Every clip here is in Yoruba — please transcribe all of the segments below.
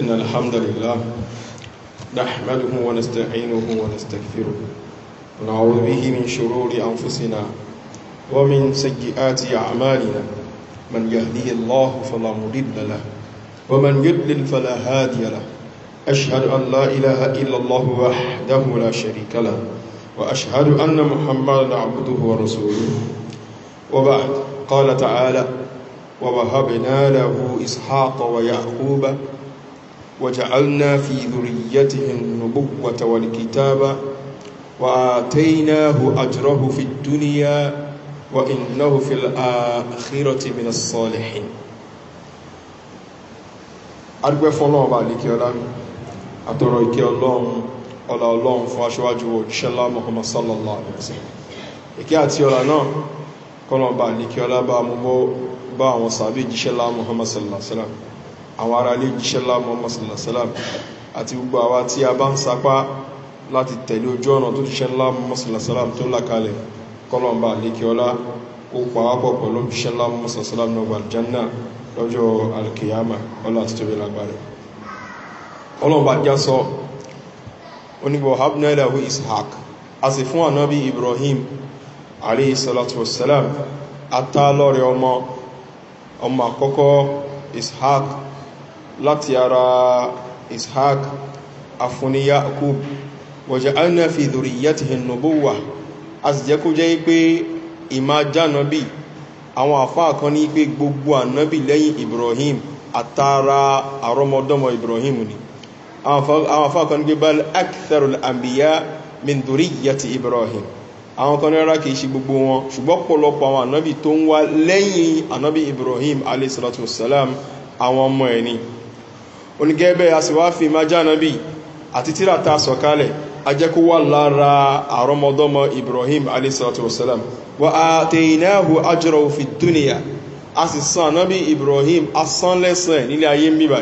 إن الحمد لله نحمده ونستعينه ونستغفره ونعوذ به من شرور أنفسنا ومن سيئات أعمالنا من يهدي الله فلا مضل له ومن يضلل فلا هادي له أشهد أن لا إله إلا الله وحده لا شريك له وأشهد أن محمدا عبده ورسوله وبعد قال تعالى ووهبنا له إسحاق ويعقوب وجعلنا في ذريته النبوة والكتاب وآتيناه أجره في الدنيا وإنه في الآخرة من الصالحين adúgbẹ́ fọ́lọ́run ọba àlékè ọlá àtọ̀rọ̀ ìkẹ́ ọlọ́run ọlá ọlọ́run fún aṣíwájú òjíṣẹ́lá Muhammad sallallahu alaihi wasallam ìkẹ́ àti ọlá náà kọ́lọ̀ ọba àlékè ọlá bá mú bá àwọn sàbí òjíṣẹ́lá Muhammad sallallahu alaihi wasallam àwọn ará ilé jíṣẹ́ lá Muhammad sallallahu alaihi wasallam àti gbogbo àwa tí a bá ń sapá láti tẹ̀lé ojú ọ̀nà tó jíṣẹ́ lá Muhammad sallallahu alaihi wasallam tó làkalẹ̀ kọlọ̀mbà lékiọlá ó pàápọ̀ pẹ̀lú jíṣẹ́ lá Muhammad ọmọ àkọ́kọ́ ishaq láti ara ishaq afúnni yakub wọ̀jẹ̀ anna fi ìdòrí yẹ́tì hìnnàbówà a sì jẹ́ kó jẹ́ pé ìmá jánàbí àwọn àfáà kan ní pé gbogbo ànábì lẹ́yìn ibrahim àtàrà àrọmọdọ́mọ ibrahim ni àwọn àfáà kan ní pé bá akitharul àmbíyá mindori yẹ́tì ibrahim àwọn kan rárá kìí ṣe gbogbo wọn ṣùgbọ́n pọ̀lọpọ̀ àwọn ànábì tó ń wá lẹ́yìn ànábì ibrahim alayhi salatu wasalam àwọn ọmọ ẹ̀ ni onígẹ́bẹ̀ àsìwáfì májánàbí àti tírata sọ̀kalẹ̀ ajẹ́kó wà lára àrọmọdọ́mọ ibrahim aleyhisselam wa a tẹ̀yìnáhù ajọ́rọ̀ òfin dúnìyà a sì san anábí ibrahim asánlẹ́sẹ̀ nílé ayé mbíbà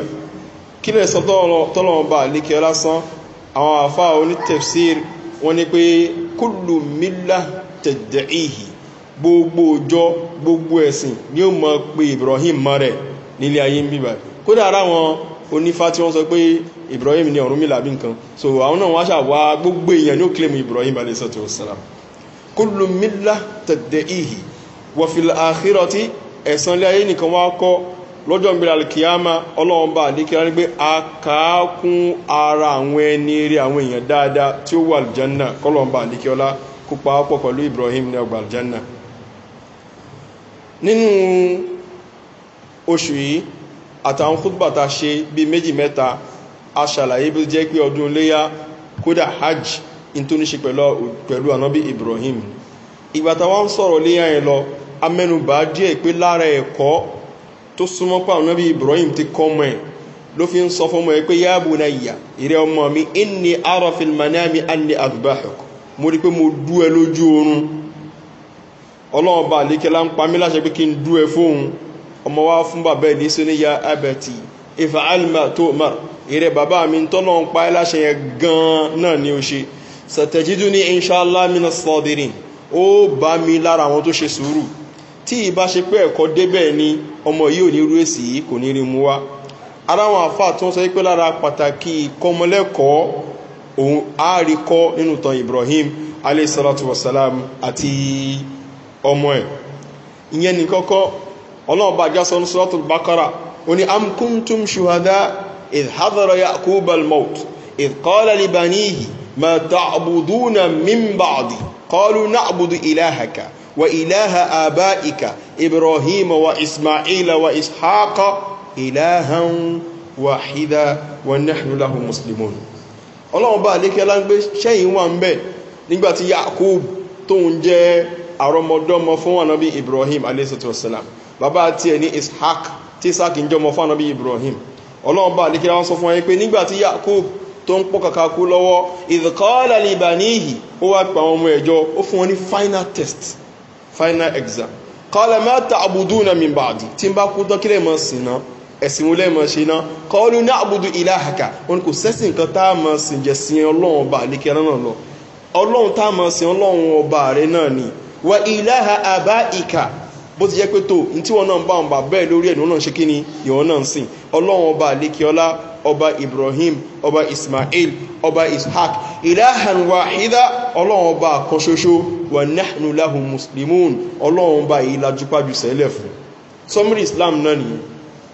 kí lè sọ tọ́lọ̀ọba lékẹ́ lásán àwọn àfá onítẹ̀fsir wọn ni pé kúlù mílá tẹ̀dẹ̀ ìhì gbogbo òjọ gbogbo ẹ̀sìn ni ó mọ̀ pé ibrahim mọ́ rẹ̀ nílé ayé mbíbà kódà ara wọn ó nífá tí wọ́n sọ pé ibrahim ní ọ̀rúnmìlà bí nǹkan so àwọn náà wọ́n aṣà gbogbo èèyàn ní ó kílèmù ibrahim alẹ́sọ̀tò ọ̀sára kúlù mílá tẹ̀dẹ̀ ìhì wọ̀fìlà àkírọ̀ tí ẹ̀sán ilé ayé nìkan wá kọ́ lọ́jọ́ ìgbéra kìáma ọlọ́run bá àdékìá ní pé a ara àwọn ẹni rí àwọn èèyàn dáadáa tí ó wà àlùjánà kọ́lọ́run bá àdékìá ọlá kó pa pọ̀ pẹ̀lú ibrahim ní ọgbà àlùjánà nínú oṣù yìí àtàwọn kútùbà ta ṣe bí méjì mẹ́ta a ṣàlàyé bí ó jẹ́ pé ọdún léyá kódà hajj in tó ní pẹ̀lú anábí ibrahim ìgbàtà wọ́n ń sọ̀rọ̀ léyá yẹn lọ amẹ́nubà díẹ̀ pé lára ẹ̀kọ́ tó súnmọ́ pa anábí ibrahim ti kọ́ mọ́ ẹ̀ ló fi ń sọ fún mọ́ ẹ pé yáàbù náà yà ìrẹ́ ọmọ mi inni arafil manami anni adbahuk mo rí pé mo dú ẹ lójú oorun ọlọ́ọ̀ba àlékẹ́lá ń pa mí láṣẹ pé kí n dú fóun ọmọ wa fún bàbá ẹ̀dí sí ní ya abẹ̀tì ifa alma tó mar ìrẹ bàbá mi tọ́nà ń pa láṣẹ yẹn gan-an náà ni ó ṣe sàtẹ̀jídú ní inṣàlá mina sọ́dìrín ó bá mi lára àwọn tó ṣe sùúrù tí ìbá ṣe pé ẹ̀kọ́ débẹ̀ ni ọmọ yìí ò ní rú èsì yìí kò ní rí mu wá ara àwọn tó ń sọ pé lára pàtàkì ìkọmọlẹ́kọ̀ọ́ òun àárikọ́ nínú tan ibrahim alayhisalatu wasalam àti ọmọ ẹ̀ ìyẹn ní kọ́kọ́ ọlọ́ọ̀bá jásọ́ ní suratul bakara ó ní amkuntum ṣuhada ìhádọ́rọ ya kúbal mọ́t ìkọ́lẹ̀ libanihi ma ta'buduna min ba'di qalu na'budu ilahaka wa ilaha abaika ibrahim wa isma'ila wa ishaqa ilahan wahida wa nahnu lahu muslimun ọlọ́run bá àlékẹ́ láńgbé ṣẹ́yìn wà ń bẹ̀ nígbàtí yakub tóun jẹ́ àrọmọdọ́mọ fún ànábí ibrahim alayhi salatu wasalam bàbá tiẹ̀ ní ishaq tí ishaq ń jọmọ fún anabi ibrahim ọlọ́run bá àdékèrè wọn sọ fún wọn pé nígbà tí yakub tó ń pọ́ kàkà kú lọ́wọ́ ìdíkọ́ọ́lá libà níhì ó wá pa àwọn ọmọ ẹ̀jọ́ ó fún wọn ní final test final exam kọ́lá mẹ́ta àbùdú na mi bàdì tí n bá kú dọ́kílẹ̀ mọ́ sí náà ẹ̀sìn wọn lẹ́ẹ̀mọ́ ṣe náà kọ́lú ní àbùdú ilá àkà wọn kò sẹ́sìn kan tá a mọ̀ sìn jẹ́ sí ọlọ́run ọba náà lọ ọlọ́run tá a mọ̀ sìn ọlọ́run ọba rẹ̀ náà ni wà ilá àbá ìkà bó ti jẹ́ pé tó ní tí wọ́n náà ń bá wọn bà bẹ́ẹ̀ lórí ẹ̀dùn náà ṣe kí ni ìwọ̀n náà ń sìn ọlọ́run ọba àlékiọlá ọba ibrahim ọba ismail ọba ishaq ìdáhàn wa ìdá ọlọ́run ọba kan ṣoṣo wà náhùn láhùn mùsùlùmún ọlọ́run ọba yìí lajúpájú sẹ́lẹ̀ fún sọmírì islam náà nìyí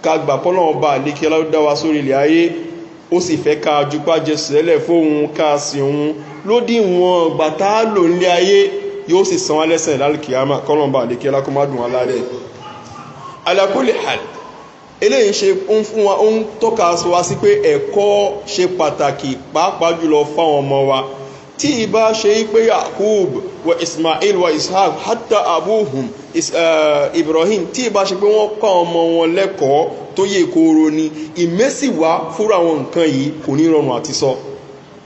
ká gbà pọ́lọ́run ọba àlékiọlá ló dá wa sórí ilẹ̀ ayé ó sì fẹ́ ká ajúpájẹ sẹ́lẹ̀ fóun ká sí òun lódì wọn gbàtà lò nílé ayé yóò sì san alẹ́sẹ̀ lálùkìyàmà kọ́lọ̀mbà àdékẹ́ alákọ́mádùn alárẹ̀ alákólè hàn eléyìí ṣe ń fún wa ń tọ́ka sọ wa sí pé ẹ̀kọ́ ṣe pàtàkì pàápàá jùlọ fáwọn ọmọ wa tí ìbá ṣe pé yakub wa ismail wa ishaq hatta abuhum eh, ibrahim tí ìbá ṣe pé wọ́n kọ́ ọmọ wọn lẹ́kọ̀ọ́ tó yẹ kóró ni ìmẹ́sìwá fúra àwọn nǹkan yìí kò ní rọrùn àti sọ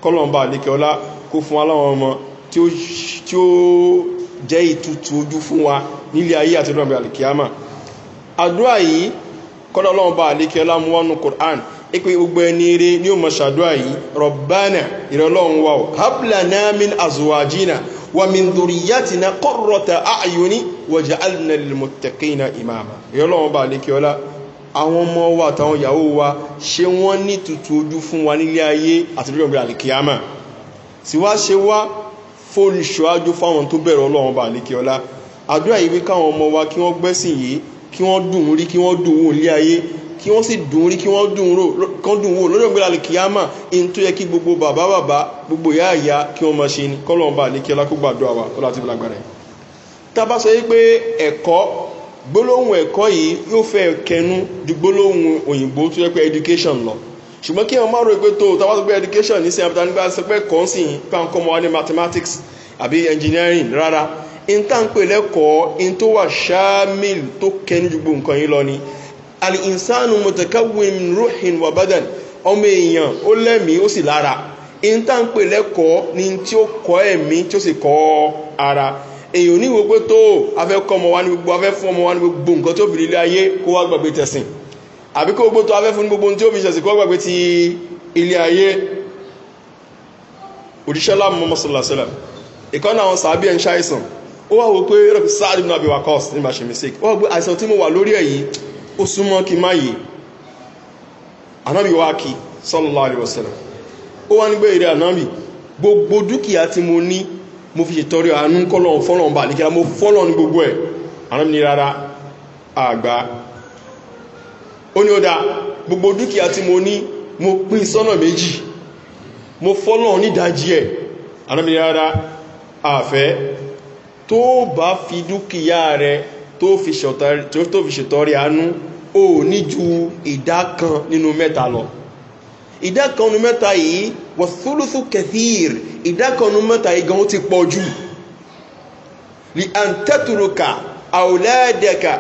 kọ́lọ̀mbà àdékẹ́ kó fún aláwọn ọmọ tí ó jẹ́ ìtutù ojú fún wa nílé ayé àti ìrọ̀bì alìkíyàmà àdúrà yìí kọ́dọ̀ ọlọ́run bá àlékẹ́ lámú wọnú quran ipe gbogbo ẹni ní o mọ̀ṣàdúrà yìí rọ̀bánà ìrọ̀lọ́run wa hapla namin azuwajina wa min duriyatina kọ́rọ̀ta ayoni wàjà alinalimotekina imama ìrọ̀lọ́run bá àlékẹ́ ọlá àwọn ọmọ wa àtàwọn ìyàwó wa ṣe wọ́n ní tutù ojú fún fóònù ṣọ́ájú fáwọn tó bẹ̀rẹ̀ ọlọ́run bá ní kí ọlá àdúrà yìí wí káwọn ọmọ wa kí wọ́n gbẹ́sìn yìí kí wọ́n dùn rí kí wọ́n dùn wò lé ayé kí wọ́n sì dùn rí kí wọ́n dùn wò lọ́dọ̀ gbé lálẹ́ kíámà in tó yẹ kí gbogbo bàbá bàbá gbogbo ìyá ìyá kí wọ́n máa ṣe ni kọ́lọ́run bá ní kí ọlá kó gbàdúrà wa ọlá ti fi tá a bá sọ pé ẹ̀kọ́ gbólóhùn ẹ̀kọ́ yìí yóò fẹ́ kẹnu ju gbólóhùn òyìnbó tó yẹ pé education lọ ṣùgbọ́n kí wọ́n má ro pé tó tàbá tó education ní sí abúlé nígbà sọ pé kàn sí pàǹkọ́ mọ́ wa ní mathematics àbí engineering rárá n tá n pè lẹ́kọ̀ọ́ n tó wà ṣáàmìl tó kẹ́ni ju gbogbo nǹkan yìí lọ ni al-insanu mutakawin ruhin wa badan ọmọ èèyàn ó lẹ́mìí ó sì lára n tá n pè lẹ́kọ̀ọ́ ni tí ó kọ́ ẹ̀mí tí ó sì kọ́ ara èèyàn oníwèé pé tó afẹ́kọ́ ọmọ wa ní gbogbo afẹ́fọ́ ọmọ wa ní gbogbo nǹkan tó fi lílé ayé kó wá gbàgbé tẹ̀sìn àbí kó gbótó afẹ́ fún gbogbo tí ó fi ṣẹ̀sì kó gbàgbé ti ilé ayé òjíṣẹ́ láàmú mọ́sánlásílẹ̀ ìkọ́nà àwọn sàábí ẹ̀ ń ṣàìsàn ó wà wó pé rẹ̀pì sáàdì náà bí wà kọ́s nígbà ṣe mistake ó wà pé àìsàn tí mo wà lórí ẹ̀yí ó súnmọ́ kí má yìí anábì wá kí sọ́lọ́lá àríwọ̀sẹ̀lẹ̀ ó wá nígbé ìrẹ́ anábì gbogbo dúkìá tí mo ní mo fi ṣètọrẹ àánú kọ́lọ̀ fọ́lọ̀ ń bà ní gbogbo ó ní ó dá gbogbo dúkìá tí mo ní mo pín sọ́nà méjì mo fọ́lọ̀ nídájí ẹ̀ anábìyára àfẹ́ tó bá fi dúkìá rẹ tó fi ṣètọ́rí anú ó ní ju ìdá kan nínú mẹ́ta lọ ìdá kan nínú mẹ́ta yìí wà thuluthu kathir ìdá kan nínú mẹ́ta yìí gan ó ti pọ̀ jù li an tẹ́tùrùkà àwòlẹ́dẹ̀kà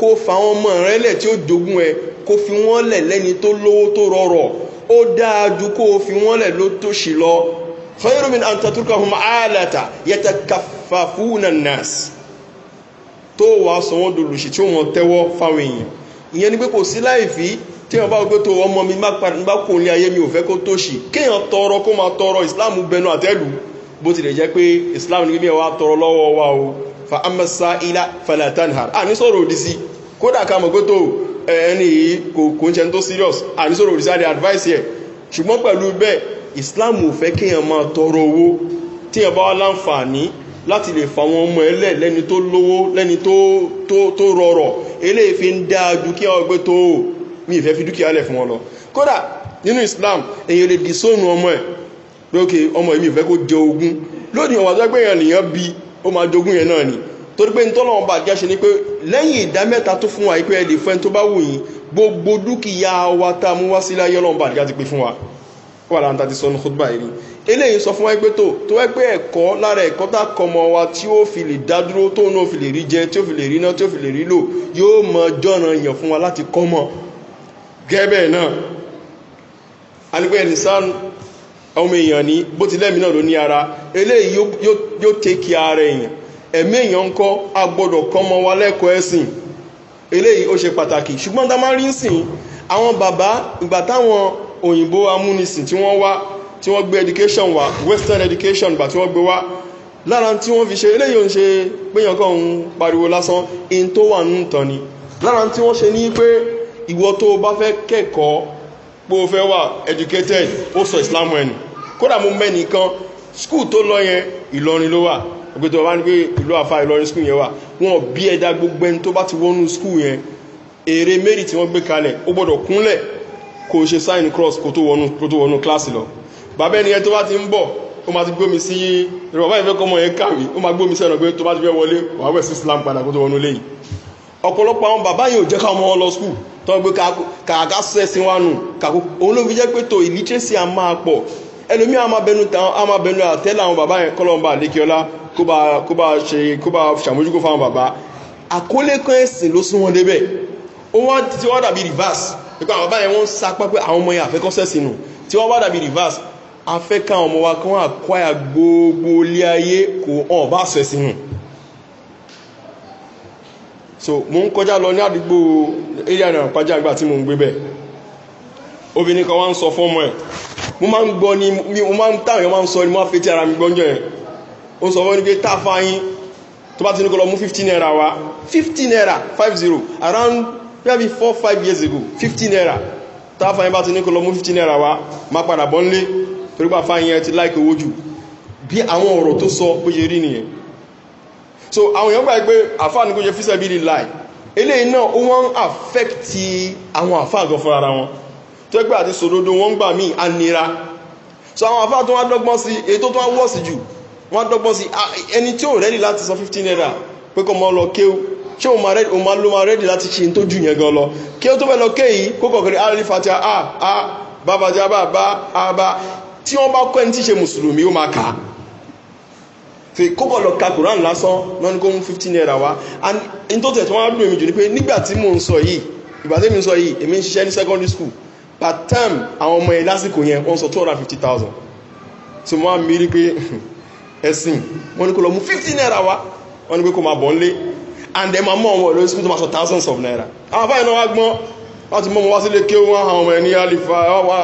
kó fa àwọn ọmọ rẹ lẹ̀ tí ó jogún ẹ kó fi wọ́n lẹ̀ lẹ́ni tó lówó tó rọrọ̀ ó dáa ju kó fi wọ́n lẹ̀ ló tó ṣì lọ khairu min an tatrukahum alata yatakaffafuna an-nas tó wàá sọ wọ́n dolùsì tí ó mọ̀ tẹ́wọ́ fáwọn èèyàn ìyẹn ni pé kò sí láìfí tí wọn bá gbé tó ọmọ mi bá kó ní ayé mi ò fẹ́ kó tó ṣì kéèyàn tọrọ kó máa tọrọ islam bẹnu àtẹ́lù bó tilẹ̀ jẹ́ pé islam ní kí mi wá tọrọ lọ́wọ́ wa o fa amasa ila falatanhar a ní sọ̀rọ̀ òdí sí kódà ká mọ̀ gótó ẹni kò ń ṣe tó serious a ní sọ̀rọ̀ òdí sí àdé advice yẹ ṣùgbọ́n pẹ̀lú bẹ́ẹ̀ islam ò fẹ́ kéèyàn máa tọrọ owó tí ẹ bá wá láǹfààní láti lè fà wọn ọmọ ẹlẹ́ lẹ́ni tó lówó lẹ́ni tó rọrọ̀ eléyìí fi ń dáa dúkìá ọgbẹ́ tó mi ìfẹ́ fi dúkìá lẹ̀ fún wọn lọ kódà nínú islam èyàn lè dìsónù ọmọ ẹ̀ lókè ọmọ ìmì ìfẹ́ kó jẹ ogun lónìí ọ̀wà tó gbẹ̀yàn lèyàn bíi ó ma jogún yẹn náà ni torí pé ntọ́lọ́wọ́n bá jẹ́ ṣe ni pé lẹ́yìn ìdá mẹ́ta tó fún wa yìí pé ẹ lè fẹ́ tó bá wù yín gbogbo dúkìá wa tá a mú wá sílé ayé ọlọ́run bá jẹ́ ti pé fún wa wà láǹtà ti sọ ní kótóbá yìí eléyìí sọ fún wa pé tó tó wẹ́ pé ẹ̀kọ́ lára ẹ̀kọ́ tá a kọ́ ọmọ wa tí ó fi lè dá dúró tóun náà fi lè rí jẹ tí ó fi lè rí iná tí ó fi lè rí lò yóò mọ jọ̀nà yàn fún wa láti kọ́ mọ̀ gẹ́bẹ̀ náà alipẹ́ ẹ̀nìsánu ọmọ èèyàn ní bó ti lẹ́mìí náà ló ní ara eléyìí yóò tẹ́kì ara èèyàn ẹ̀mí èèyàn ń kọ́ agbọ́dọ̀ kọ́ mọ́ wa lẹ́kọ̀ọ́ ẹ̀sìn eléyìí ó ṣe pàtàkì ṣùgbọ́n tá a máa rí ń sìn àwọn bàbá ìgbà táwọn òyìnbó amúnisìn tí wọ́n wá tí wọ́n gbé education wá western education gbà tí wọ́n gbé wá lára tí wọ́n fi ṣe eléyìí ò ń ṣe péyàn kan òun pariwo lásán in tó wà nù tán ni lára tí wọ́n ṣe ní pé ìwọ tó o bá fẹ́ kẹ́kọ̀ọ́ pé o fẹ́ wà educated ó sọ ìsìlámù ẹni kódà mo mẹ́ nìkan skul tó lọ yẹn ìlọrin ló wà ọgbẹ́ tó wà ní pé ìlú àfa ìlọrin skul yẹn wà wọn bí ẹ̀dá gbogbo ẹni tó bá ti wọnú skul yẹn èrè mary tí wọ́n gbé kalẹ̀ ó gbọ́dọ̀ kúnlẹ̀ kò ṣe sign cross kó tó wọnú kó tó wọnú kíláàsì lọ bàbá ẹni yẹn tó bá ti ń bọ̀ ó máa ti gbómi sí ìrọ̀bá ìfẹ́ kọ́mọ yẹn kàwé ó máa gbómi sẹ́nu pé tó bá ti fẹ́ wọlé wàá wẹ̀ sí islam padà kó tó wọnú léyìí ọ̀pọ̀lọpọ̀ àwọn bàbá yìí ò ẹlòmí àwọn abẹnu tàwọn àwọn abẹnu àtẹ́lẹ̀ àwọn bàbá yẹn kọ́lọ́mbà lékiọlá kó bá ṣe kó bá ṣàmójúkó fáwọn bàbá àkólé kan ẹ̀sìn ló sún wọn débẹ̀ ó wọ́n ti wọ́n dàbí reverse nípa àwọn bàbá yẹn wọ́n ń sapá pé àwọn ọmọ yẹn àfẹ́kọ́sẹ̀ sínú tí wọ́n wá dàbí reverse afẹ́ ká ọmọ wa kan àkwáyà gbogbo ilé ayé kò hàn bá ṣẹ̀ sínú so mo ń kọjá lọ ní àdúgbò area náà pàjá àgbà tí mo ń gbé bẹ́ẹ̀ obìnrin kan wá ń sọ fọ́mọ ẹ̀ mo máa ń gbọ́ ni mo máa ń táwọn èèyàn máa ń sọ ni mo máa fetí ara mi gbọ́njọ́ yẹn ó sọ wọ́n ní pé táfà yín tó bá ti ní kọ́ lọ mú fifteen naira wa, fifteen naira five zero around maybe four five years ago fifteen naira táfà yín bá ti ní kọ́ lọ mú fifteen naira wa má padà bọ́ nílé torí pé àfáà yẹn ti láìkè owó jù bí àwọn ọ̀rọ̀ tó sọ bó ṣe rí nìyẹn so àwọn èèyàn gbà pé àfáà ní kó ṣe fíṣẹ́ bí lè láì eléyìí náà ó wọ́n ń àwọn àfáà gan fúnra wọn tó gbà àti sòdodo wọ́n ń gbà míì á nira so àwọn àfáà tó wá dọ́gbọ́n sí èyí tó tó wá wọ́ọ̀sì jù wọ́n dọ́gbọ́n sí ẹni tí ò rẹ́dì láti san fifteen naira pé kọ́ mọ́ lọ kéw ṣé o máa ló máa rẹ́dì láti ṣe tó jù yẹn gan lọ kí ó tó fẹ́ lọ ké yìí kó kọ̀kiri alifati a a babaja bá bá a bá tí wọ́n bá kọ́ ẹni tí ṣe mùsùlùmí ó máa kà á fi kókò lọ ka quran lásán náà kó mú fifteen naira wá and in tó tẹ̀ tí wọ́n dùn ni pé nígbà tí mò ń sọ yìí ìgbà tí secondary school at time àwọn ọmọ ẹ̀ lásìkò yẹn wọ́n sọ 250,000 so wọ́n á mírí pé ẹ̀sìn wọ́n ní kó lọ mú 50 naira wá wọ́n ní pé kó máa bọ̀ nlé and ẹ̀ máa mọ́ ọmọ lórí school tó máa sọ thousands of naira àwọn afáyín náà wá gbọ́n wọ́n ti mọ́ ọmọ wá sílé kí wọ́n àwọn ọmọ ẹ̀ ní alifa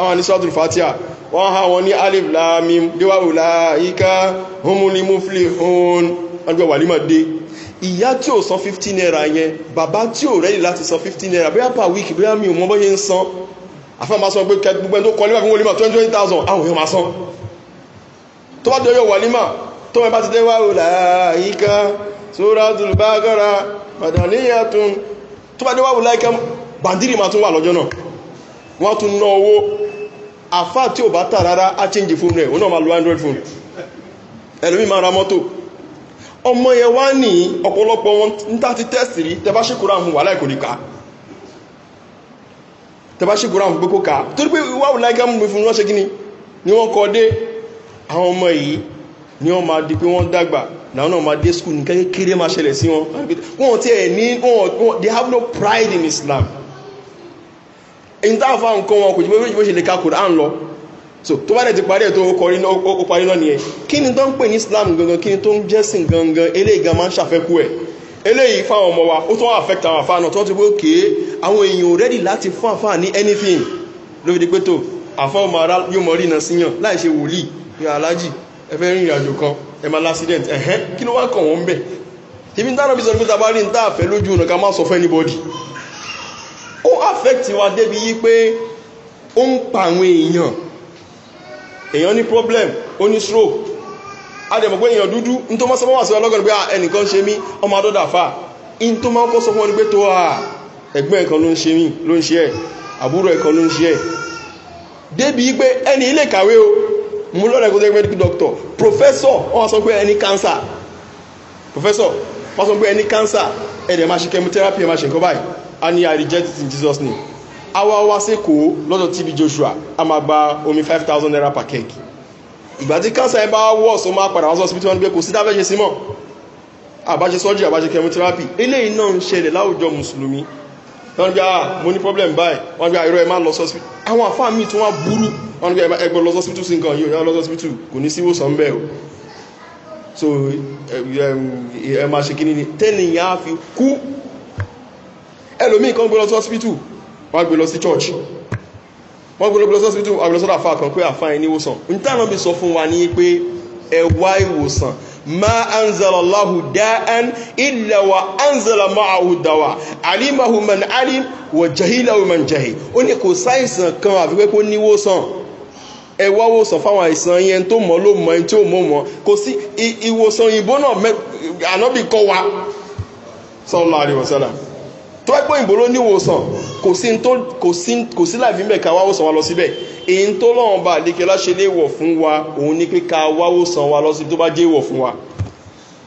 wọ́n ní sọ́dún fatia wọ́n há wọn ní alif láàmì díwáwùlá yíká homo ni mufli hon wọ́n gbé wàlímọ̀ dé ìyá tí ò san 15 naira yẹn bàbá tí ò rẹ́lì láti san 15 naira bóyá per week bóyá mi ò mọ́ bọ́yẹ ń san afẹ́ ma sọ pé gbogbo ẹni tó kọ nígbàgbọ́n wọlé ma twenty twenty thousand àwọn èèyàn ma tó bá dẹ̀yọ̀ wà tó bá ti dé wá o láàáyíká suratul baqara madaniyatun tó bá dé wá o láàáyíká ma tún wà lọ́jọ́ náà wọ́n tún ná owó tí bá tà rárá á rẹ̀ náà ma lo android ra mọ́tò ọmọ yẹn wá ní ọ̀pọ̀lọpọ̀ wọn ti test rí tẹ bá tẹ́bá ṣe kúrò àwọn gbogbo ká torí pé wáwù láìka mú mi fún wọn ṣe kí ni ni wọ́n kọ́ dé àwọn ọmọ yìí ni wọ́n máa di pé wọ́n dàgbà làwọn náà máa dé skul nǹkan kékeré máa ṣẹlẹ̀ sí wọn wọn ti ẹ̀ ní wọn they have no pride in islam èyí tá a fa nǹkan wọn kò jù bó ṣe lè ka kúrò à ń lọ so tó bá dẹ̀ ti parí ẹ̀ tó kọrí ó parí náà nìyẹn kí ni tó ń pè ní islam gangan kí ni tó ń jẹ́sìn gangan eléyìí gan máa ń ṣàfẹ́kù ẹ̀ eléyìí fáwọn ọmọ wa ó tó wà affect àwọn àfáànà tó ti pé ó kéé àwọn èèyàn ò rẹ́dì láti fún ní anything ló fi di pé tó àfáà ọmọ ara yóò mọ̀ rí iná síyàn láì ṣe wòlíì ẹfẹ́ rìn ìrìn àjò kan ẹ máa lásìdẹ̀ntì ẹ̀hẹ́ kí ló wá kàn wọ́n bẹ̀ ibi ń dáná bí sọ pé tá a bá rí níta àfẹ́ lójú ọ̀nà ká má sọ fún anybody ó affect wa débi yí pé ó ń pa àwọn èèyàn èèyàn ní problem ó ní stroke adẹ̀mọ̀ pé èèyàn dúdú tó máa sọ ah, ṣe mí ọmọ adọ́dà fà tó máa kọ́ sọ fún ẹ̀gbọ́n ẹ̀kan ló ń ṣe mí ló ń ṣe ẹ̀ àbúrò ẹ̀kan ló ń ṣe ẹ̀ débi pé ẹni ilé kàwé o mú lọ́rẹ̀ kó jẹ́ medical doctor professor wọ́n sọ pé ẹni cancer professor wọ́n sọ pé ẹni cancer ẹ̀dẹ̀ máa ṣe chemotherapy ẹ̀ máa ṣe nǹkan báyìí a ní i reject it in jesus name awa wa sẹ́kọ̀ọ́ lọ́dọ̀ tb joshua a máa gba omi five thousand naira per keg ìgbà tí cancer ẹ bá wọ̀ so máa padà wá sí hospital wọn gbé kò sí dábẹ́ ṣe sí mọ́ surgery àbáṣe chemotherapy eléyìí náà ń ṣẹlẹ̀ láwùjọ mùsùlùmí wọ́n ní bí ah mo ní problem báyìí wọ́n ní bí ah irọ́ ẹ má lọ sọ́sì àwọn àfáà míì tí wọ́n burú wọ́n ní bí ẹ gbọ́ lọ sọ́sì tù sí nǹkan yìí ò ní lọ sọ́sì tù kò ní síwòsàn bẹ́ẹ̀ o so ẹ máa ṣe kíní ni tẹ́nìyàn á fi kú ẹlòmíì kan gbé lọ sí hospital wọ́n gbé lọ sí church wọ́n gbé lọ sí hospital wọ́n gbé lọ sọ́dọ̀ àfáà kan pé àfáà ẹni ìwòsàn ní tàbí sọ fún wa ní ما أنزل الله داء إلا وأنزل معه دواء علمه من علم وجهله من جهل ó ní kò sáìsàn kan àfi pé kó níwòsàn ẹ wá wòsàn fáwọn àìsàn yẹn tó mọ̀ ló mọ̀ ẹni tí ò mọ̀ mọ̀ kò sí ìwòsàn òyìnbó náà ànábì kọ́ wa sọ́lá àríwọ̀sọ́lá tó ẹgbọ́n òyìnbó ló níwòsàn kò sí láìfí mẹ́ka wá wòsàn wa lọ síbẹ̀ èyí tó lọ́wọ́n bá lékẹ́ láṣẹ lè wọ̀ fún wa òun ní pín ká wáwó san wa lọ́sí tó bá jẹ́ wọ̀ fún wa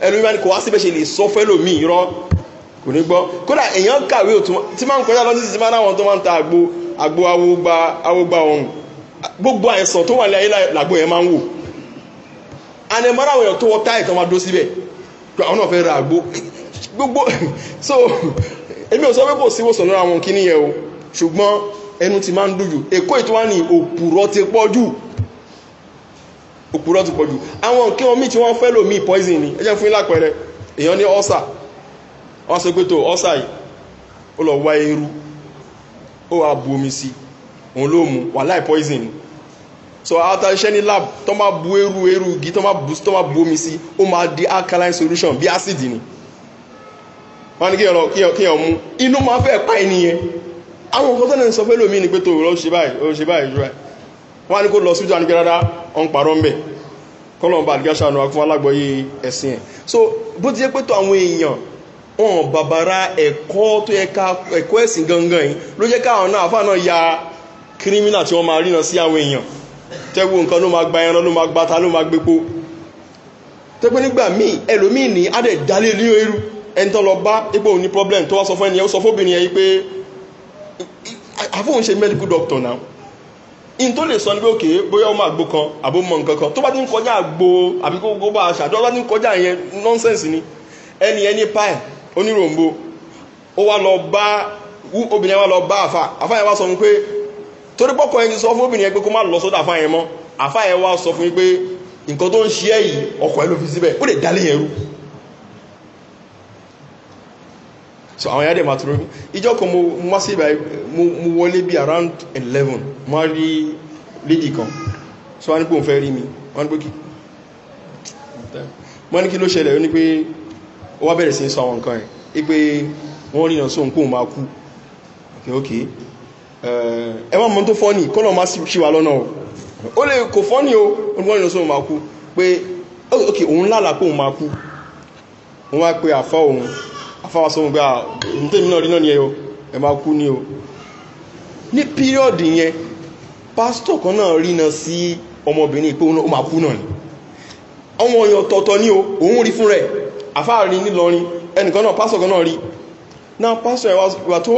ẹnu ìbá ní kò wá síbẹ̀ ṣe lè sọ fẹ́lò míì rọ́ kò ní gbọ́ kódà èèyàn kàwé òtún tí máa ń kọjá lọ́sí ti máa náwọn tó máa ń ta àgbo àgbo awogba ọ̀hún gbogbo àìsàn tó wà ní làgbo yẹn máa ń wò àná ìmọ̀ràn àwọn èèyàn tó wọ táì kan máa dó síbẹ̀ àwọn náà fẹ́ ra àgbo gbogbo so èmi ò sọ pé kò síwòsàn lọ́ra àwọn kíní yẹn o ṣùgbọ́n ẹnu ti máa ń dùn jù èkó ètò wá ní òpùrọ̀ ti pọ̀ jù òpùrọ̀ ti pọ̀ jù àwọn nǹkan omi tí wọ́n fẹ́ lò mí poison ni ẹ jẹ́ fún yín lápẹẹrẹ èèyàn ní ọ́sà wọ́n sọ pé tó ọ́sà yìí ó lọ wá eérú ó wá bu omi sí òun ló mu wàhálà poison ni so after iṣẹ́ ní lab tó máa bu eérú eérú igi tó máa bu tó máa bu omi sí ó máa di alkaline solution bí acid ni wọ́n ní kí èèyàn mú inú máa fẹ́ pa ẹni yẹn àwọn nǹkan tó náà sọ pé lómi ní pé tó rọ ṣe báyìí ó ṣe báyìí ṣe báyìí wọ́n á ní kó lọ sí ìjọ àníkẹ́ rárá so bó ti jẹ́ pé tó àwọn èèyàn wọn bàbára ẹ̀kọ́ tó yẹ ká gangan yìí ló jẹ́ ya kírímínà tí wọ́n máa rí náà sí àwọn èèyàn tẹ́gbó nǹkan ló máa gba ẹran ló máa gbata ló máa gbépo tẹ́gbó nígbà míì ẹlòmíì ní adẹ̀ ní irú ẹni lọ bá ipò òní problem tó wá sọ fún ẹnìyẹn ó sọ fóbìnrin yẹn pé àfóhùn ṣe medical doctor náà in tó lè sọ ní pé òkè bóyá ó máa gbó kan àbó mọ nǹkan kan tó bá ti ń kọjá àgbo àbí gbogbo bá a ṣàdó bá ti ń kọjá yẹn nọ́nsẹ̀nsì ni ẹni ẹni páì oníròǹbó ó wá lọ bá obìnrin wa lọ bá àfà àfà yẹn wá sọ fún pé torí pọ́kọ yẹn ti sọ fún obìnrin yẹn pé kó má lọ sọ́dọ̀ àfà yẹn mọ́ àfà yẹn wá sọ fún yín pé nǹkan tó ń ṣe ẹ̀ yìí ọkọ̀ ẹ ló fi síbẹ̀ ó lè dálé yẹn rú so àwọn yàrá dẹ̀ máa tóró ìjọ kan mo wá sí ibà mo wọlé bí around eleven mo rí lady kan so wọ́n ní pé òun fẹ́ rí mi wọ́n ní pé kí wọ́n ní kí ló ṣẹlẹ̀ ó ní pé ó wá bẹ̀rẹ̀ sí sọ àwọn nǹkan ẹ̀ pé wọ́n rí ìrànṣọ́ nǹkan máa kú ok ok eh, ẹ wọ́n mọ́ tó fọ́nì kọ́nà máa ṣì wà lọ́nà ó lè kò fọ́nì o wọ́n rí ìrànṣọ́ máa kú pé ok òun lálàá pé òun máa kú wọ́n wá pé àfọ́ òun fáwà a gbá ǹtẹ́mi náà rí náà ni o ẹ kú ní o ní píríọ̀dì yẹn pásítọ̀ kan náà rí náà sí ọmọbìnrin pé ó máa kú náà ni ọmọ tọ̀tọ̀ ní o òun rí fún rẹ̀ àfáàrin nílọrin ẹnìkan náà pásítọ̀ kan náà rí náà pásítọ̀ ẹ̀ wà tó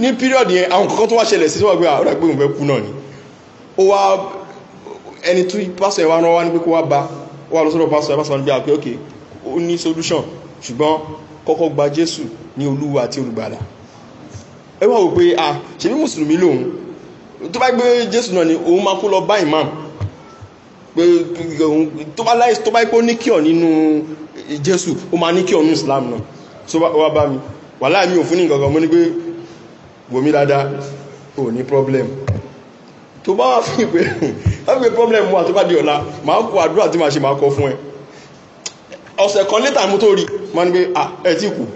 ní píríọ̀dì yẹn àwọn kankan tó wá ṣẹlẹ̀ sí tó wà gbé àwọn fẹ́ kú náà ni ó wá ẹni tó pásítọ̀ ẹ̀ wá ní ṣùgbọ́n kọ́kọ́ gba jésù ní olúwa àti olùgbàlà ẹ wá wò pé a ṣe ní mùsùlùmí lòun tó bá gbé jésù náà ni òun máa kó lọ bá imam pé òun tó bá láì tó bá gbó ní kíọ̀ nínú jésù ó máa ní kíọ̀ nínú islam náà tó wá bá mi wà láàmì òfin ní gangan mo ní pé wòmí dáadáa ò ní problem tó bá wà fún ìpè problem wà tó bá di ọ̀la máa kó àdúrà tí màá ṣe máa kọ fún ẹ ọ̀sẹ̀ kan létà mú tó rí ma ní pé ah, ẹ̀ tí kù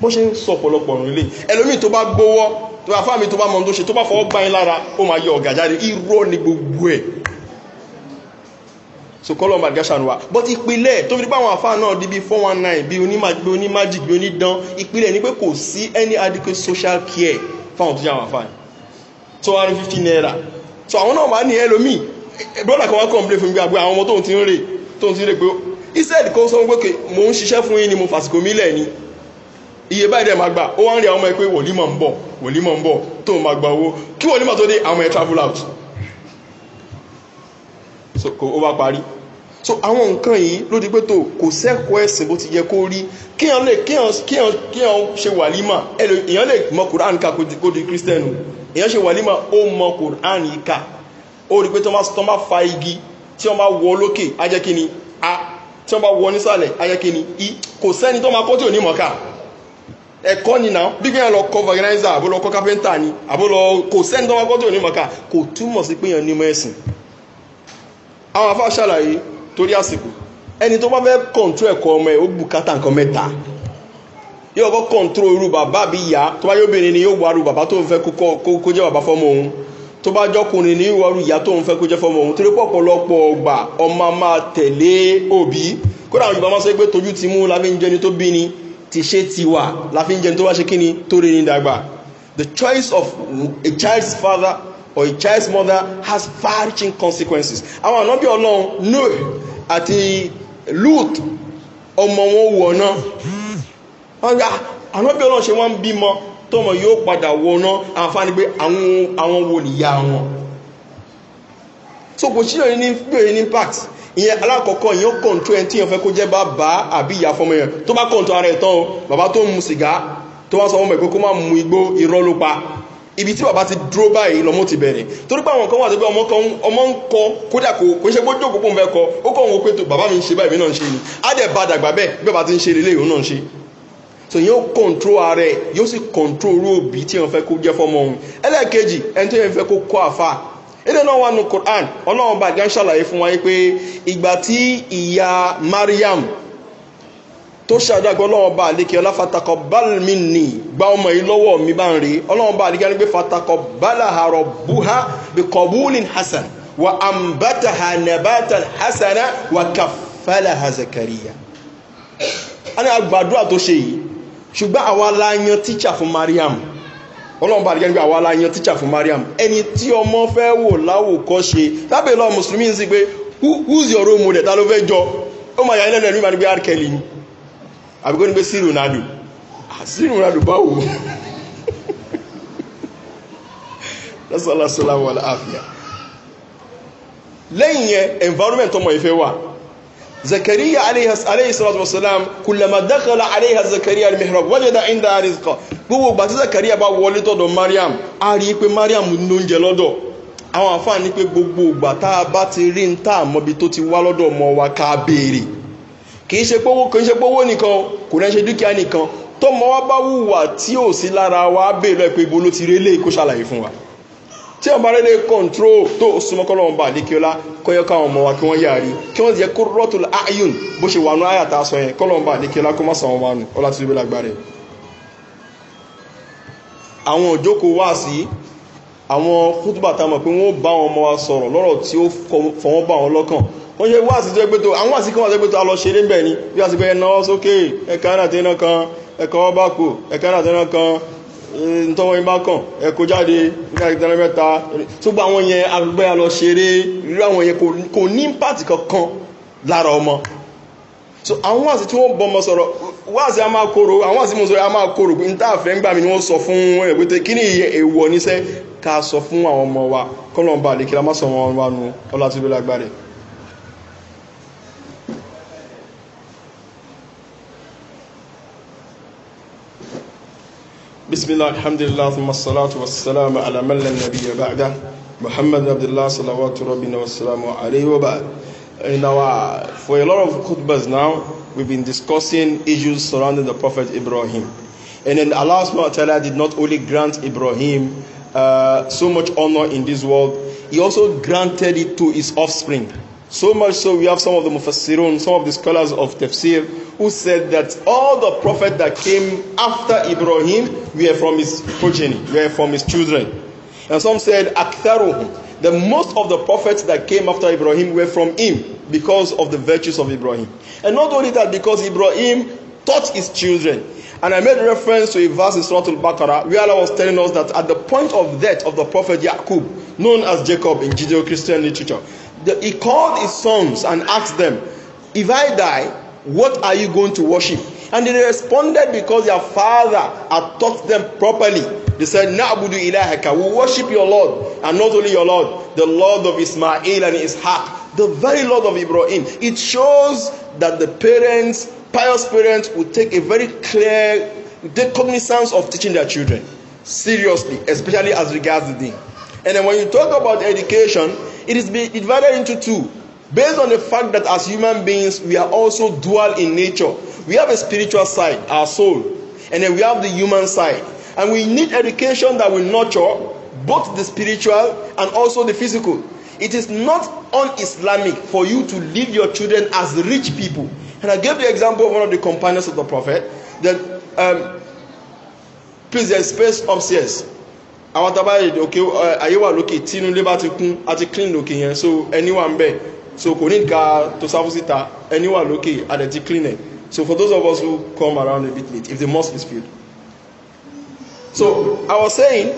bó ṣe ń sọ ọ̀pọ̀lọpọ̀ ọ̀rùn ilé ẹlòmíì tó bá gbówọ́ tó bá fáàmì tó bá mọ̀ tó ṣe tó bá fọwọ́ báyìí lára ó máa yọ ọ̀gá jáde irọ́ ni gbogbo ẹ̀ so kọ́lọ̀ bá gáṣà nù wa but ìpìlẹ̀ tó fi báwọn àfáà náà di bí 419 bí onímàgbé onímàjì bí onídán ìpìlẹ̀ ni pé kò sí any adequate social care fáwọn tó jẹ́ àwọn àfáà tó wá ní 50 naira so àwọn náà wà ní ẹlòmíì brother kan wá kọ́ ń blé fún mi gbàgbé àwọn ọmọ tóun ti ń rè tó ń ti lè pé israel kò sọ pé mò ń ṣiṣẹ́ fún yín ni mo fàsìkò mi lẹ̀ ni iye báyìí dẹ̀ máa gbà ó wá ń rí àwọn ọmọ ẹ pé wòlímọ̀ ń bọ̀ wòlímọ̀ ń bọ̀ tó máa gba owó kí wòlímọ̀ tó dé àwọn ẹ travel out so kò ó bá parí so àwọn nǹkan yìí ló di pé tó kò sẹ́kọ̀ọ́ ẹ̀sìn bó ti yẹ kó rí kéèyàn lè kéèyàn kéèyàn kéèyàn ṣe wàlímà èèyàn lè mọ quran ká kó di christian èèyàn ṣe wàlímà ó mọ quran yìí ká ó rí pé tó máa fa igi tí wọ́n bá wọ lókè ajẹ́kíní a tí wọ́n bá wọ nísàlẹ̀ ajẹ́kíní i kò sẹ́ni tó máa kọ́ tí ò ní mọ̀ọ́ká ẹ̀kọ́ ni náà bí kéèyàn lọ kọ́ organizer àbó lọ kọ́ ni àbó kò sẹ́ni tó máa kọ́ kò túmọ̀ sí pé ní ẹ̀sìn àwọn afá ṣàlàyé torí àsìkò ẹni tó bá fẹ́ kọ̀ǹtró ẹ̀kọ́ ọmọ ẹ̀ ó bùkátà nǹkan mẹ́ta yóò kọ́ kọ̀ǹtró irú bàbá àbí ìyá tó bá yóò ni yóò wá irú bàbá tó tó bá jọkùnrin ní ìwọ̀rù ìyá tó ń fẹ́ kó jẹ́ fọmọ òun torí pọ̀ pọ̀lọpọ̀ ọgbà ọmọ máa tẹ̀lé òbí kódà àwọn yorùbá máa sọ pé tójú ti mú láfi ń jẹni tó bí ni ti ṣe ti wà láfi ń jẹni tó wá ṣe kí ni tó rí ni dàgbà the choice of a child's father or a child's mother has far-reaching consequences àwọn ànábì ọlọ́run noe àti lut ọmọ wọn wọ̀ náà ah, ànábì ọlọ́run ṣe wọ́n ń bímọ tọmọ yóò padà wọná àǹfààní pé àwọn wo nìyá wọn so kò sí ìròyìn ní ìròyìn impact ìyẹn alákọ̀ọ́kọ́ ìyẹn control ẹni tí yẹn fẹ́ kó jẹ́ bàbá àbí ìyá fọmọ yẹn tó bá control ara ẹ̀ tán o bàbá tó ń mu sìgá tó wá sọ fún mi pé kó má mu igbó irọ́ ló pa ibi tí bàbá ti dúró báyìí lọ́mọ ti bẹ̀rẹ̀ torí pé àwọn kan wà tó pé ọmọ kan ọmọ ń kọ kódà kò kò ṣe gbójú òpópó ń fẹ́ kọ ó kọ̀ ń wo pé bàbá mi ń ṣe báyìí mi náà ń ṣe ni á dẹ̀ bá dàgbà bẹ́ẹ̀ bí bàbá ti ń ṣe lélẹ́yìn òun náà ń ṣe so yóò control ààrẹ yóò sì control orú òbí tí wọ́n fẹ́ kó jẹ́ fọ́mọ òun ẹlẹ́ẹ̀kejì ẹni tó yẹ fẹ́ kó kọ́ àfa èdè náà wà nù quran ọlọ́run bá gán ṣàlàyé fún wa pé ìgbà tí ìyá mariam tó ṣàdágbọ́ ọlọ́run bá àlékè ọlá fatakọ bálmi nì gba ọmọ yìí lọ́wọ́ mi bá ń rí ọlọ́run bá àlékè ọlá fatakọ bálàhàrọ̀ buha bikọ̀bùnìn hasan wa ambataha nabatan hasana wa kafalaha zakariya. a ní àgbàdúrà yìí ṣùgbọ́n àwa la yan tíṣà fún mariam ọlọ́run bá rí gẹ́gẹ́ àwa la yan tíṣà fún mariam ẹni tí ọmọ fẹ́ wò láwòkọ́ ṣe lábẹ́ lọ mùsùlùmí ń sí pé who's your role model ta ló fẹ́ jọ ó máa yà ilẹ̀ nígbà nígbà arkeli ni àbíkó ní pé sí ronaldo sí ronaldo báwo lọ́sọ̀lọ́sọ̀lá wà láàfíà lẹ́yìn yẹn environment ọmọ ìfẹ́ wà زكريا عليه عليه الصلاه والسلام كلما دخل عليها زكريا المحراب وجد عندها رزقا gbogbo ìgbà زكريا zakaria bá wọlé مريم mariam a rí i pé mariam ló ń jẹ lọ́dọ̀ àwọn àǹfààní pé gbogbo ìgbà tá a bá ti rí ń tà mọ́bi tó ti wá lọ́dọ̀ ọmọ wa ká béèrè kì í ṣe pówó kì í ṣe pówó nìkan kò náà ṣe dúkìá nìkan wa bá wùwà tí ò sí lára wa béèrè pé ibo ló ti rélé kó ṣàlàyé fún wa tí ọba rẹ lè kọ̀ǹtró tó súnmọ́kọ́ lọ́wọ́ bá àdékíọ́lá kọ́yọ́ káwọn ọmọ wa kí wọ́n yára rí kí wọ́n jẹ́ kó rọ́tò ayùn bó ṣe wà nù àyàtà sọ yẹn kọ́ lọ́wọ́ bá àdékíọ́lá kó má sàn wọn wà nù ọlá tó lè lágbára ẹ̀. àwọn òjókòó wá sí àwọn kútùbà tá a mọ̀ pé wọ́n bá wọn ọmọ wa sọ̀rọ̀ lọ́rọ̀ tí ó fọwọ́ bá wọn lọ́kàn wọ́n ṣe wá sí tó ẹgbẹ́ tó àwọn a lọ ṣeré ń bẹ̀ ni bí wọ́n ṣe pé ntọ́wọ́ yín bá kàn ẹ kó jáde nígbà tí tẹ́lẹ̀ mẹ́ta ṣùgbọ́n àwọn yẹn agbẹ́ àlọ́ ṣeré irú àwọn yẹn kò ní pàtì kankan lára ọmọ so àwọn àti tí wọ́n bọ́ ọmọ sọ̀rọ̀ wáàsí a máa kóró àwọn àti mo sọ̀rọ̀ a máa kóró pé níta àfẹ́ ńgbà mi ni wọ́n sọ fún ẹ̀pẹ́tẹ́ kí ni èèwọ̀ níṣẹ́ ká sọ fún àwọn ọmọ wa kọ́ńtà ọba àdékìlá má sọ wọn wá nu ọlá tó lé lágbára بسم الله الحمد لله ثم الصلاة والسلام على من لا نبي بعده محمد عبد الله صلوات ربنا والسلام عليه وبعد In our for a lot of khutbas now, we've been discussing issues surrounding the Prophet Ibrahim, and then Allah Subhanahu wa Taala did not only grant Ibrahim uh, so much honor in this world, He also granted it to his offspring. So much so, we have some of the mufassirun, some of the scholars of tafsir who said that all the prophets that came after Ibrahim were from his progeny, were from his children. And some said, Aktharuhum. The most of the prophets that came after Ibrahim were from him because of the virtues of Ibrahim. And not only that, because Ibrahim taught his children. And I made reference to a verse in Surah Al-Baqarah where Allah was telling us that at the point of death of the prophet Yaqub, known as Jacob in Judeo-Christian literature, the, he called his sons and asked them, If I die, What are you going to worship? And they responded because their father had taught them properly. They said, Na'budu ilahaka. We worship your Lord. And not only your Lord, the Lord of Ismail and Ishaq, the very Lord of Ibrahim. It shows that the parents, pious parents, will take a very clear take cognizance of teaching their children seriously, especially as regards the deen. And then when you talk about education, it is divided into two based on the fact that as human beings we are also dual in nature we have a spiritual side our soul and then we have the human side and we need education that will nurture both the spiritual and also the physical it is not un-islamic for you to lead your children as rich people and i gave the example of one of the companions of the prophet that um, please there is space upstairs àwọn tábàlì okay. àyè uh, wà lókè tínú lébà ti kún àti clean lókè yẹn so ẹni wà ń bẹ so kò ní ká to sáfù síta ẹni wà lókè àdẹ̀tí clean ẹ̀ so for those of us who come around a bit late if the mosque is filled so i was saying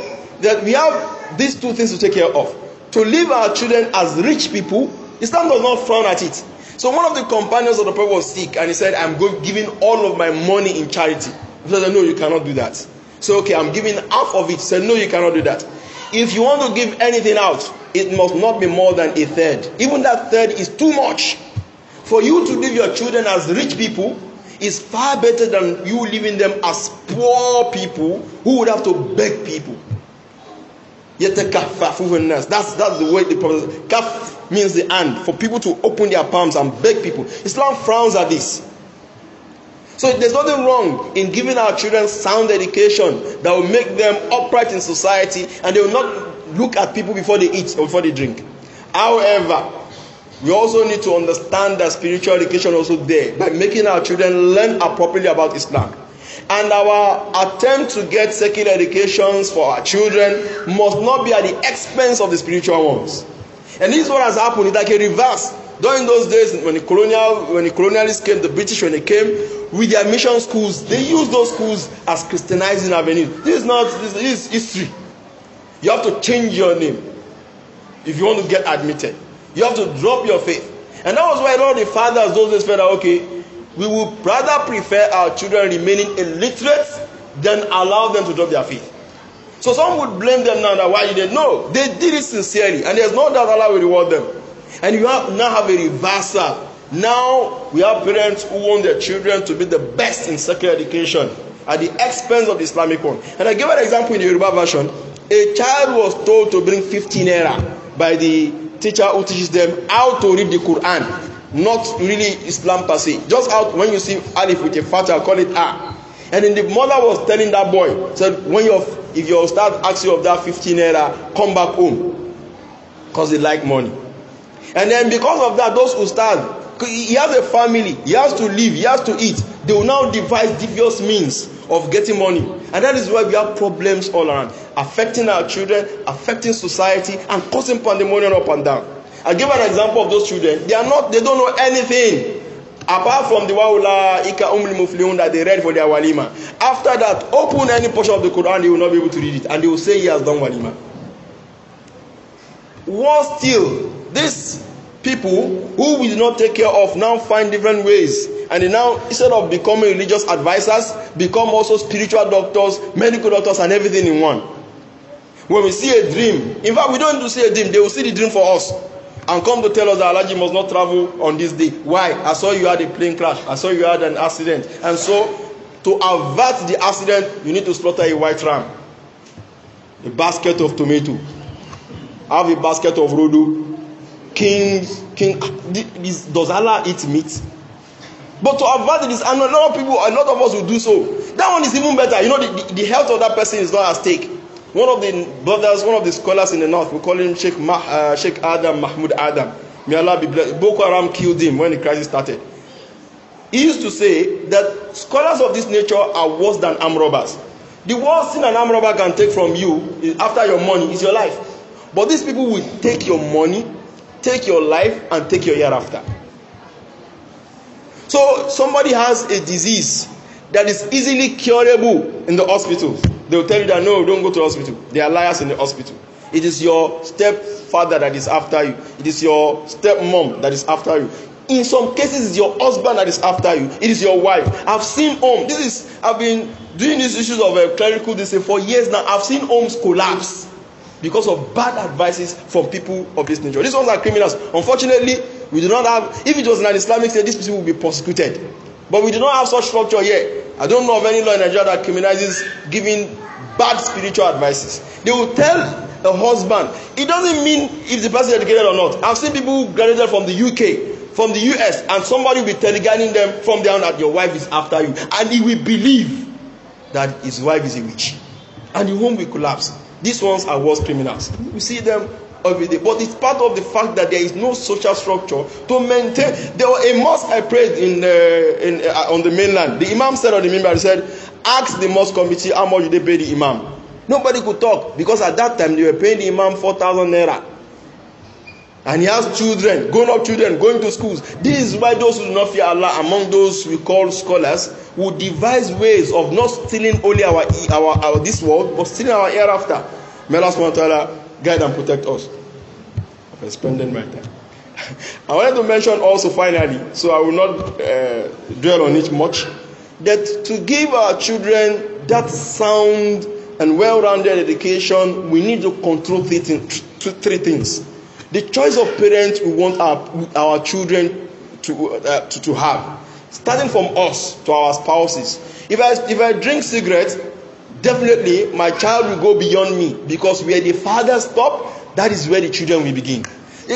that we have these two things to take care of to leave our children as rich people islam does not frown at it so one of the companions of the prophet was sick and he said i'm go giving all of my money in charity he said no you cannot do that so okay i'm giving half of it he said no you cannot do that if you want to give anything out, it must not be more than a third. Even that third is too much. For you to leave your children as rich people is far better than you leaving them as poor people who would have to beg people. Yet that's that's the way the problem. Kaf means the hand for people to open their palms and beg people. Islam frowns at this. So there's nothing wrong in giving our children sound education that will make them upright in society and they will not look at people before they eat or before they drink. However, we also need to understand that spiritual education also there by making our children learn appropriately about Islam. And our attempt to get secular educations for our children must not be at the expense of the spiritual ones. And this is what has happened. It's like a reverse During those days, when the colonial, when the colonialists came, the British when they came with their mission schools, they used those schools as Christianizing avenues. This is not this, is history. You have to change your name if you want to get admitted. You have to drop your faith, and that was why all the fathers those days felt that okay, we would rather prefer our children remaining illiterate than allow them to drop their faith. So some would blame them now that why you did. No, they did it sincerely, and there's no doubt Allah will reward them. And you have, now have a reversal. Now we have parents who want their children to be the best in secular education at the expense of the Islamic one. And I give an example in the Yoruba version. A child was told to bring 15 naira by the teacher who teaches them how to read the Quran. Not really Islam per se. Just out when you see Alif with a fatah, call it A. And then the mother was telling that boy, said, when your if your start asks you of that 15 naira, come back home. cause they like money. And then because of that, those who stand, he has a family, he has to live, he has to eat. They will now devise devious means of getting money. And that is why we have problems all around, affecting our children, affecting society, and causing pandemonium up and down. I give an example of those children. They are not, they don't know anything apart from the wawula ika umli muflihun that they read for their walima. After that, open any portion of the Quran, they will not be able to read it, and they will say he has done walima. Worse still, These people who we did not take care of now find different ways and they now instead of becoming religious advisors become also spiritual doctors medical doctors and everything in one when we see a dream in fact we don't do see a dream they will see the dream for us and come to tell us that alhaji must not travel on this day why i saw you had a plane crash i saw you had an accident and so to avert the accident you need to slaughter a white ram a basket of tomato have a basket of rodo King, King, this, does Allah eat meat? But to avoid this, and a lot of people, a lot of us will do so. That one is even better. You know, the, the, the health of that person is not at stake. One of the brothers, one of the scholars in the north, we call him Sheikh, Mah, uh, Sheikh Adam Mahmoud Adam. May Allah be blessed. Boko Haram killed him when the crisis started. He used to say that scholars of this nature are worse than arm robbers. The worst thing an arm robber can take from you is, after your money is your life. But these people will take your money, take your life and take your year after. So somebody has a disease that is easily curable in the hospital. They will tell you that no, don't go to the hospital. They are liars in the hospital. It is your stepfather that is after you. It is your stepmom that is after you. In some cases, it is your husband that is after you. It is your wife. I've seen homes. This is I've been doing these issues of a uh, clerical disease for years now. I've seen homes collapse because of bad advices from people of this nature these ones are criminals unfortunately we do not have if it was an islamic state these people would be prosecuted but we do not have such structure here i don't know of any law in nigeria that criminalizes giving bad spiritual advices they will tell a husband it doesn't mean if the person is educated or not i have seen people who graduated from the uk from the us and somebody will be telegramming them from there on that your wife is after you and he will believe that his wife is a witch and the home will collapse These ones are worse criminals. We see them every day. But it's part of the fact that there is no social structure to maintain. There was a mosque I prayed in, uh, in uh, on the mainland. The imam said on the member, he said, ask the mosque committee how much they pay the imam. Nobody could talk because at that time they were paying the imam four thousand naira. And he has children, grown up children, going to schools. This is why those who do not fear Allah among those we call scholars will devise ways of not stealing only our e, our our this world but stealing our hereafter may allah subhanahu wa ta'ala guide and protect us i'm spending my time i wanted to mention also finally so i will not uh, dwell on it much that to give our children that sound and well-rounded education we need to control three, things: three things the choice of parents we want our, our children to, uh, to, to have starting from us to our spouses if i if i drink cigarette definitely my child will go beyond me because where the father stop that is where the children will begin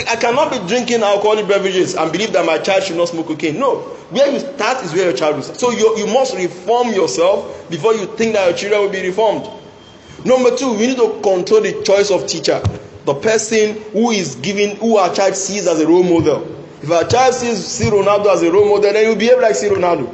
i cannot be drinking alcoholic beverages and believe that my child should not smoke cocaine no where you start is where your child will start so you you must reform yourself before you think that your children will be reformed number two we need to control the choice of teacher the person who is giving who our child sees as a role model If a child sees see Ronaldo as a role model, then he will behave like see Ronaldo.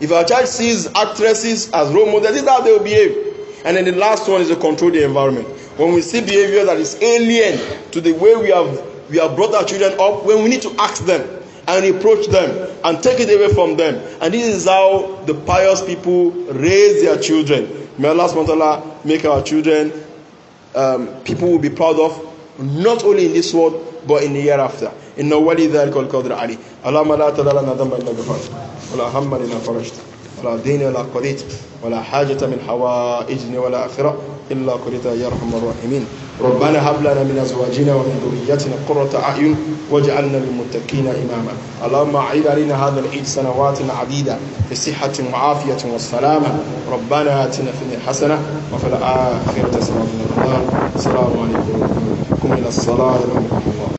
If a child sees actresses as role models, this is how they will behave. And then the last one is to control the environment. When we see behavior that is alien to the way we have we have brought our children up, when we need to ask them and reproach them and take it away from them. And this is how the pious people raise their children. May Allah subhanahu make our children um, people will be proud of not only in this world but in the hereafter إن ولي ذلك القدر علي اللهم لا تدع لنا ذنبا إلا غفرت ولا هما إلا فرجته ولا دين ولا قضيت ولا حاجة من حوائجنا ولا آخرة إلا قضيتها يا أرحم الراحمين ربنا هب لنا من أزواجنا ومن ذريتنا قرة أعين واجعلنا للمتقين إماما اللهم أعد علينا هذا العيد سنوات عديدة بصحة وعافية والسلامة ربنا آتنا في الحسنة وفي الآخرة سلام الله السلام عليكم الصلاة